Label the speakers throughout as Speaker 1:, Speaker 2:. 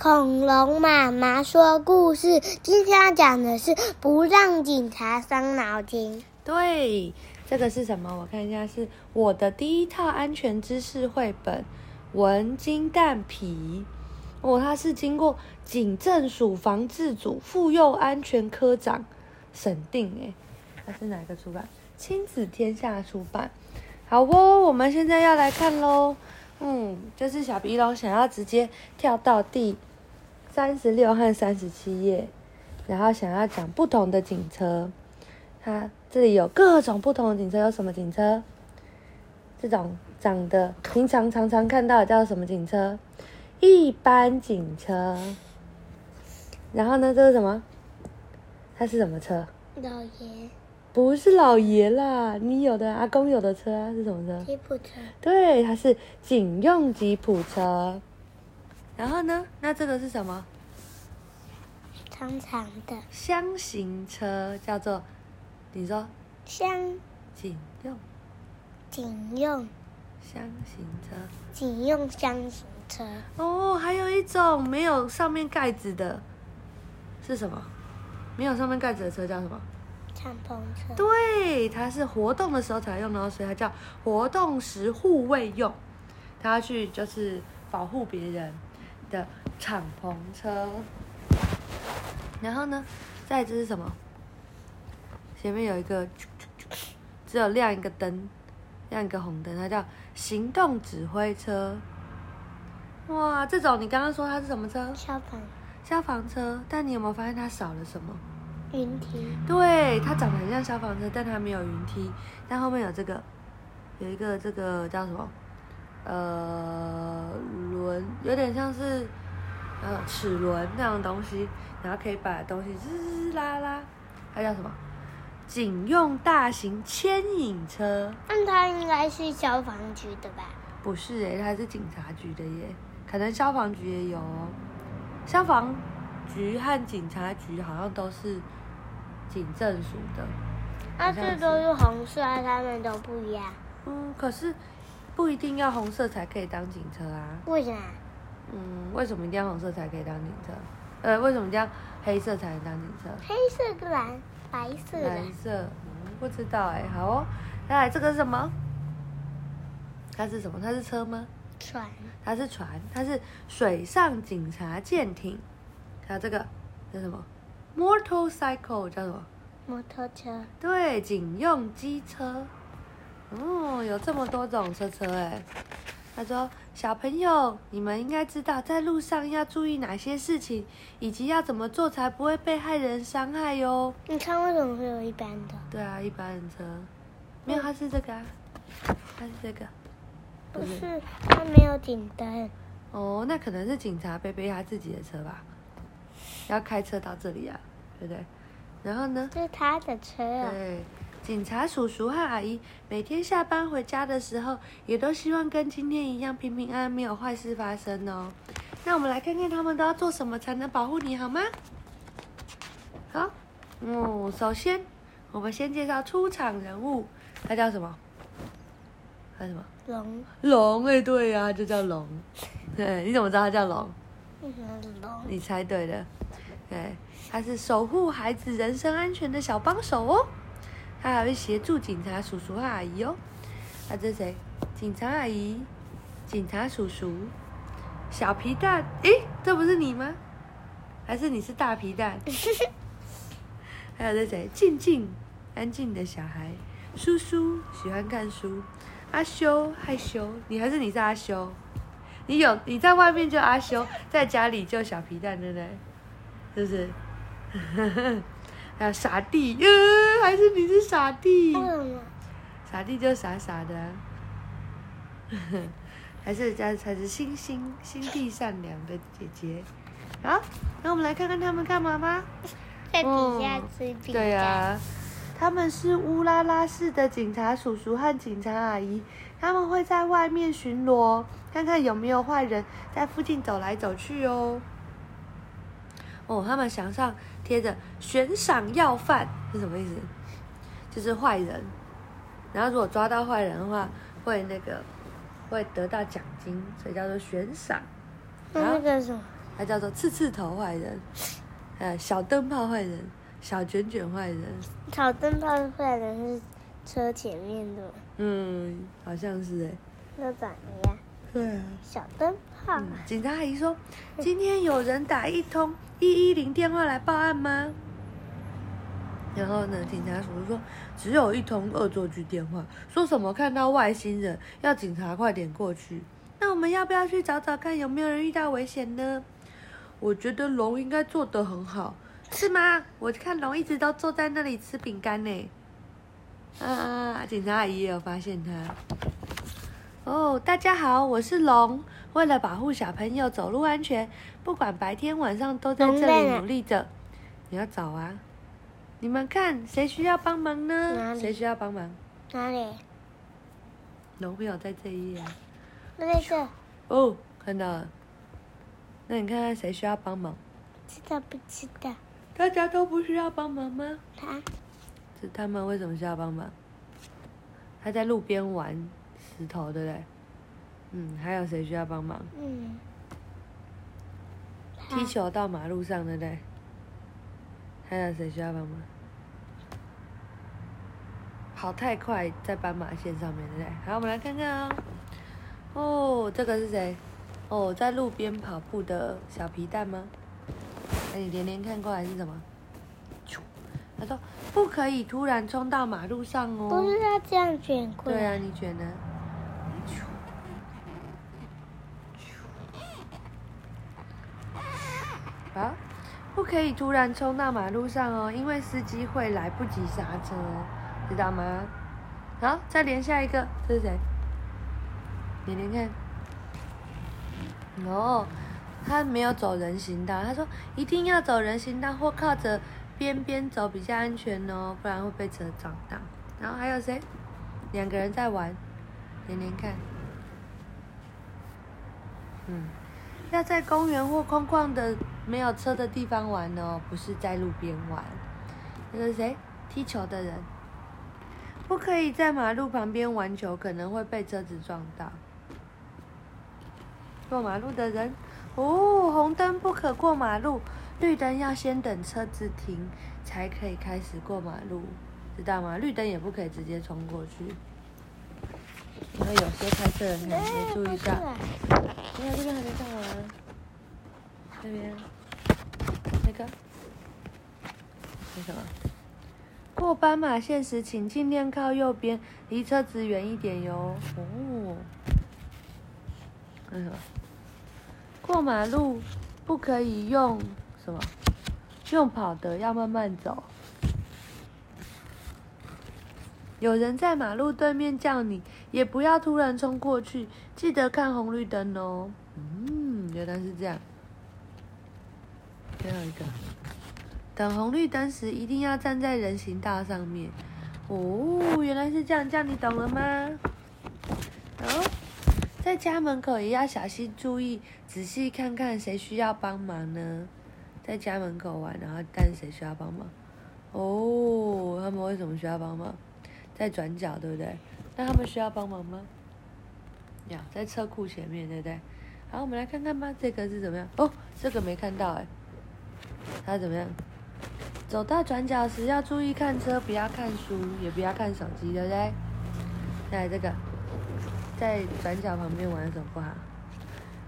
Speaker 1: 恐龍媽媽說故事，今天要講的是不讓警察傷腦筋。對，這個是什麼？我看一下，是我的第一套安全知識繪本《文金蛋皮》。哦，它是經過警政署防治組婦幼安全科長審定欸。它是哪個出版？親子天下出版。好喔，我們現在要來看嘍。嗯，就是小鼻龍想要直接跳到地。三十六和三十七頁，然後想要講不同的警車，它這裡有各種不同的警車，有什麼警車？這種長的平常常常看到叫什麼警車？一般警車。然後呢，這是什麼？它是什麼車？老爺。不是老爺啦，你有的阿公有的車啊，是什麼車？吉普車。對，它是警用吉普車。然後呢？那這個是什麼？長長的箱型車叫做，你說？箱，警用，警用箱型車，警用箱型車。哦，還有一種沒有上面蓋子的，是什麼？沒有上面蓋子的車叫什麼？敞篷車。對，它是活動的時候才用，然後所以它叫活動時護衛用，它要去就是保護別人。的敞篷車，然後呢，再來這是什麼？前面有一個，只有亮一個燈，亮一個紅燈，它叫行動指揮車。哇，這種你剛剛說它是什麼車？消防消防車。但你有沒有發現它少了什麼？雲梯。對，它長得很像消防車，但它沒有雲梯，但後面有這個，有一個這個叫什麼？呃。有點像是，呃，齒輪那樣東西，然後可以把東西滋啦啦，它叫什麼？警用大型牽引車。那它應該是消防局的吧？不是哎、欸，它是警察局的耶。可能消防局也有、喔，消防局和警察局好像都是警政署的。那、啊、是最多是紅色、啊，他們都不一樣。嗯，可是。不一定要紅色才可以當警車啊？為什麼？嗯，為什麼一定要紅色才可以當警車？呃，為什麼這樣？黑色才能當警車？黑色跟藍、白色藍。藍色，不、嗯、知道哎、欸。好哦、喔，哎，這個是什麼？它是什麼？它是車嗎？船。它是船，它是水上警察艦艇。還有這個叫什麼？Motorcycle 叫什麼？摩托車。對，警用機車。哦、嗯，有這麼多種車車哎！他說：“小朋友，你們應該知道在路上要注意哪些事情，以及要怎麼做才不會被害人傷害喲。”你看為什麼會有一般的？對啊，一般的車，沒有他，是這個啊，他是這個，不是他吧沒有頂燈。哦，那可能是警察背背他自己的車吧，要開車到這裡啊，對不對？然後呢？這是他的車啊。對。警察叔叔和阿姨每天下班回家的時候，也都希望跟今天一樣平平安安，沒有壞事發生哦。那我們來看看他們都要做什麼才能保護你，好嗎？好，嗯，首先我們先介紹出場人物，他叫什麼？他是什麼？龍龍，誒對呀，啊，就叫龍。 對，你怎麼知道他叫龍？龍。你猜對了。對，他是守護孩子人身安全的小幫手哦。他還要協助警察叔叔和阿姨哦。啊，這誰？警察阿姨、警察叔叔、小皮蛋，誒、欸，這不是你嗎？還是你是大皮蛋？ 還有這誰？靜靜，安靜的小孩。叔叔喜歡看書。阿修害羞，你還是你是阿修？你有你在外面叫阿修，在家裡叫小皮蛋，對不對？是不是？呵呵還有傻弟。呃還是你是傻弟，嗯、傻弟就傻傻的、啊 還，還是家才是心心心地善良的姐姐。好，那我們來看看他們幹嘛嗎？在底下吃餅。對呀、啊，他們是烏拉拉市的警察叔叔和警察阿姨，他們會在外面巡邏，看看有沒有壞人在附近走來走去哦。哦，他們牆上貼着懸賞要犯是什麼意思？就是壞人，然後如果抓到壞人的話，會那個會得到獎金，所以叫做懸賞。然後那個什麼？它叫做刺刺頭壞人，還、啊、有小燈泡壞人，小卷卷壞人。小燈泡壞人是車前面的。嗯，好像是誒那長的呀？對、啊、小燈。嗯、警察阿姨說：“今天有人打一通一一零電話來報案嗎？”嗯、然後呢，警察叔叔說：“只有一通惡作劇電話，說什麼看到外星人，要警察快點過去。”那我們要不要去找找看有沒有人遇到危險呢？我覺得龍應該做得很好，是嗎？我看龍一直都坐在那裡吃餅乾呢。啊啊啊！警察阿姨也有發現他。哦，大家好，我是龍。為了保護小朋友走路安全，不管白天晚上都在這裡努力着。你要找啊！你們看誰需要幫忙呢？哪裡？誰需要幫忙？哪裡？農朋友在這一頁。我在這。哦，看到了。那你看看誰需要幫忙？知道不知道？知道大家都不需要幫忙嗎？他、啊。是他們為什麼需要幫忙？他在路邊玩石頭，對不對？嗯，還有誰需要幫忙？嗯，踢球到馬路上，對不對？還有誰需要幫忙？跑太快在斑馬線上面，對不對？好，我們來看看哦。哦，這個是誰？哦，在路邊跑步的小皮蛋嗎？那你連連看過來是什麼？他說不可以突然衝到馬路上哦。不是要這樣捲過來。對啊，你覺得呢？不可以突然衝到馬路上哦，因為司機會來不及剎車，知道嗎？好，再連下一個，這是誰？連連看。哦，他沒有走人行道，他說一定要走人行道或靠着邊邊走比較安全哦，不然會被車撞到。然後還有誰？兩個人在玩，連連看。嗯，要在公園或空曠的。沒有車的地方玩哦，不是在路邊玩。那個誰，踢球的人，不可以在馬路旁邊玩球，可能會被車子撞到。過馬路的人，哦，紅燈不可過馬路，綠燈要先等車子停才可以開始過馬路，知道嗎？綠燈也不可以直接衝過去。因為有些開車人，大家注意一下。我這邊還沒講完，這邊。過斑馬線時，請盡量靠右邊，離車子遠一點喲。哦。過馬路不可以用什麼？用跑的，要慢慢走。有人在馬路對面叫你，也不要突然衝過去，記得看紅綠燈哦。嗯，原來是這樣。最後一個，等紅綠燈時一定要站在人行道上面。哦，原來是這樣，這樣你懂了嗎？哦，在家門口也要小心注意，仔細看看誰需要幫忙呢？在家門口玩，然後看誰需要幫忙。哦，他們為什麼需要幫忙？在轉角，對不對？那他們需要幫忙嗎？呀，在車庫前面，對不對？好，我們來看看吧。這個是怎麼樣？哦，這個沒看到，欸，哎。他怎麼樣？走到轉角時要注意看車，不要看書，也不要看手機，對不對？再、嗯、來這個，在轉角旁邊玩有什麼不好？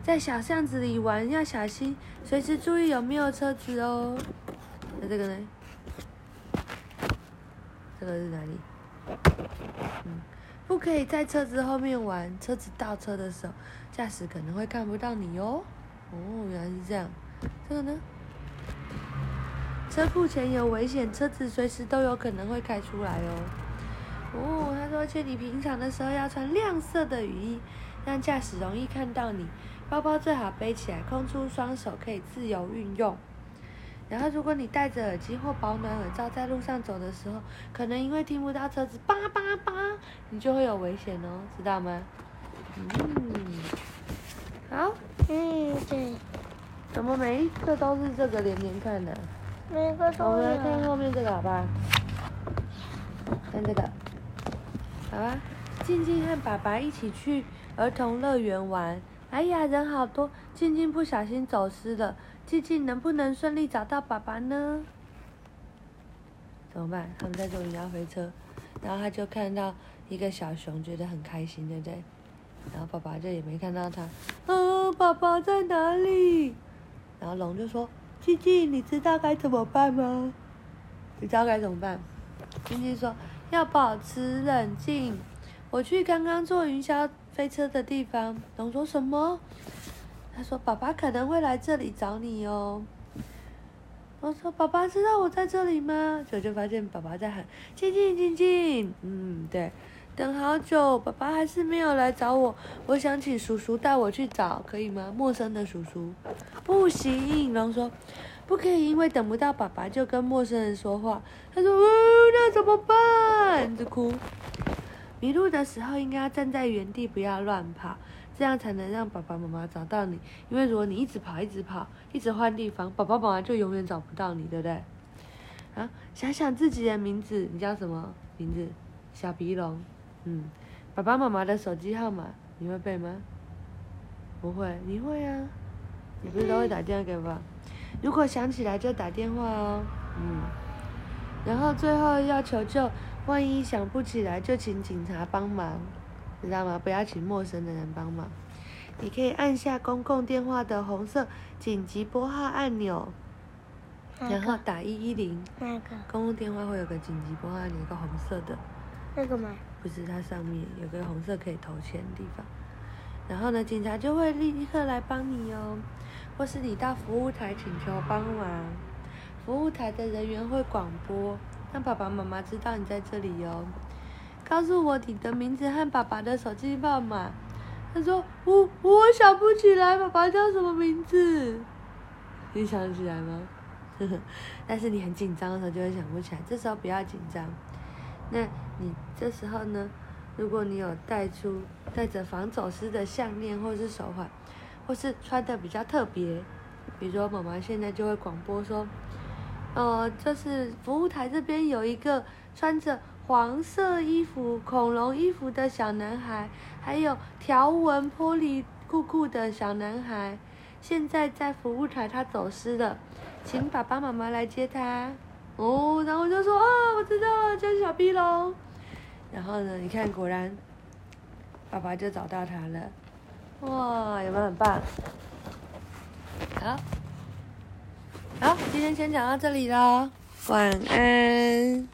Speaker 1: 在小巷子裡玩要小心，隨時注意有沒有車子哦。那、啊、這個呢？這個是哪裡？嗯，不可以在車子後面玩，車子倒車的時候，駕駛可能會看不到你哦。哦，原來是這樣。這個呢？車庫前有危險，車子隨時都有可能會開出來哦。哦，他說勸你平常的時候要穿亮色的雨衣，讓駕駛容易看到你。包包最好背起來，空出雙手可以自由運用。然後如果你戴着耳機或保暖耳罩，在路上走的時候，可能因為聽不到車子叭叭叭、叭、叭，你就會有危險哦，知道嗎？嗯，好，嗯對。怎麼每一個都是這個連連看呢？我們來看後面這個，好吧？看這個，好吧？靜靜和爸爸一起去兒童樂園玩，哎呀，人好多！靜靜不小心走失了，靜靜能不能順利找到爸爸呢？怎麼辦？他們在做搖搖飛車，然後他就看到一個小熊，覺得很開心，對不對？然後爸爸就也沒看到他，嗯、啊，爸爸在哪裡？然後龍就說。靜靜，你知道該怎麼辦嗎？你知道該怎麼辦？靜靜說要保持冷靜。我去剛剛坐雲霄飛車的地方，我說什麼？他說爸爸可能會來這裡找你哦。我說爸爸知道我在這裡嗎？就就發現爸爸在喊靜靜靜靜，嗯，對。等好久，爸爸還是沒有來找我。我想請叔叔帶我去找，可以嗎？陌生的叔叔，不行。然後說，不可以，因為等不到爸爸，就跟陌生人說話。他說，哦、呃，那怎麼辦？你就哭。迷路的時候，應該要站在原地，不要亂跑，這樣才能讓爸爸媽媽找到你。因為如果你一直跑，一直跑，一直換地方，爸爸媽媽就永遠找不到你，對不對？啊，想想自己的名字，你叫什麼名字？小鼻龍。嗯，爸爸媽媽的手機號碼你會背嗎？不會？你會啊？你不是都會打電話給我。如果想起來就打電話哦。嗯。然後最後要求救，萬一想不起來就請警察幫忙，知道嗎？不要請陌生的人幫忙。你可以按下公共電話的紅色緊急撥號按鈕，那個、然後打一一零。那個？公共電話會有個緊急撥號按鈕，一個紅色的。那個嗎？不是它，上面有個紅色可以投錢的地方，然後呢，警察就會立刻來幫你哦。或是你到服務台請求幫忙，服務台的人員會廣播，讓爸爸媽媽知道你在這裡喲、哦。告訴我你的名字和爸爸的手機號碼。他說我我想不起來爸爸叫什麼名字。你想起來嗎？呵呵，但是你很緊張的時候就會想不起來，這時候不要緊張。那你這時候呢？如果你有帶出戴着防走失的項鏈或是手環，或是穿得比較特別，比如說，媽媽現在就會廣播說，呃，就是服務台這邊有一個穿着黃色衣服恐龍衣服的小男孩，還有條紋波力褲褲的小男孩，現在在服務台，他走失了，請爸爸媽媽來接他。哦，然後我就說哦、啊，我知道了，叫小 B 嘍。然後呢，你看，果然爸爸就找到他了。哇，有沒有很棒？好，好，今天先講到這裡了，晚安。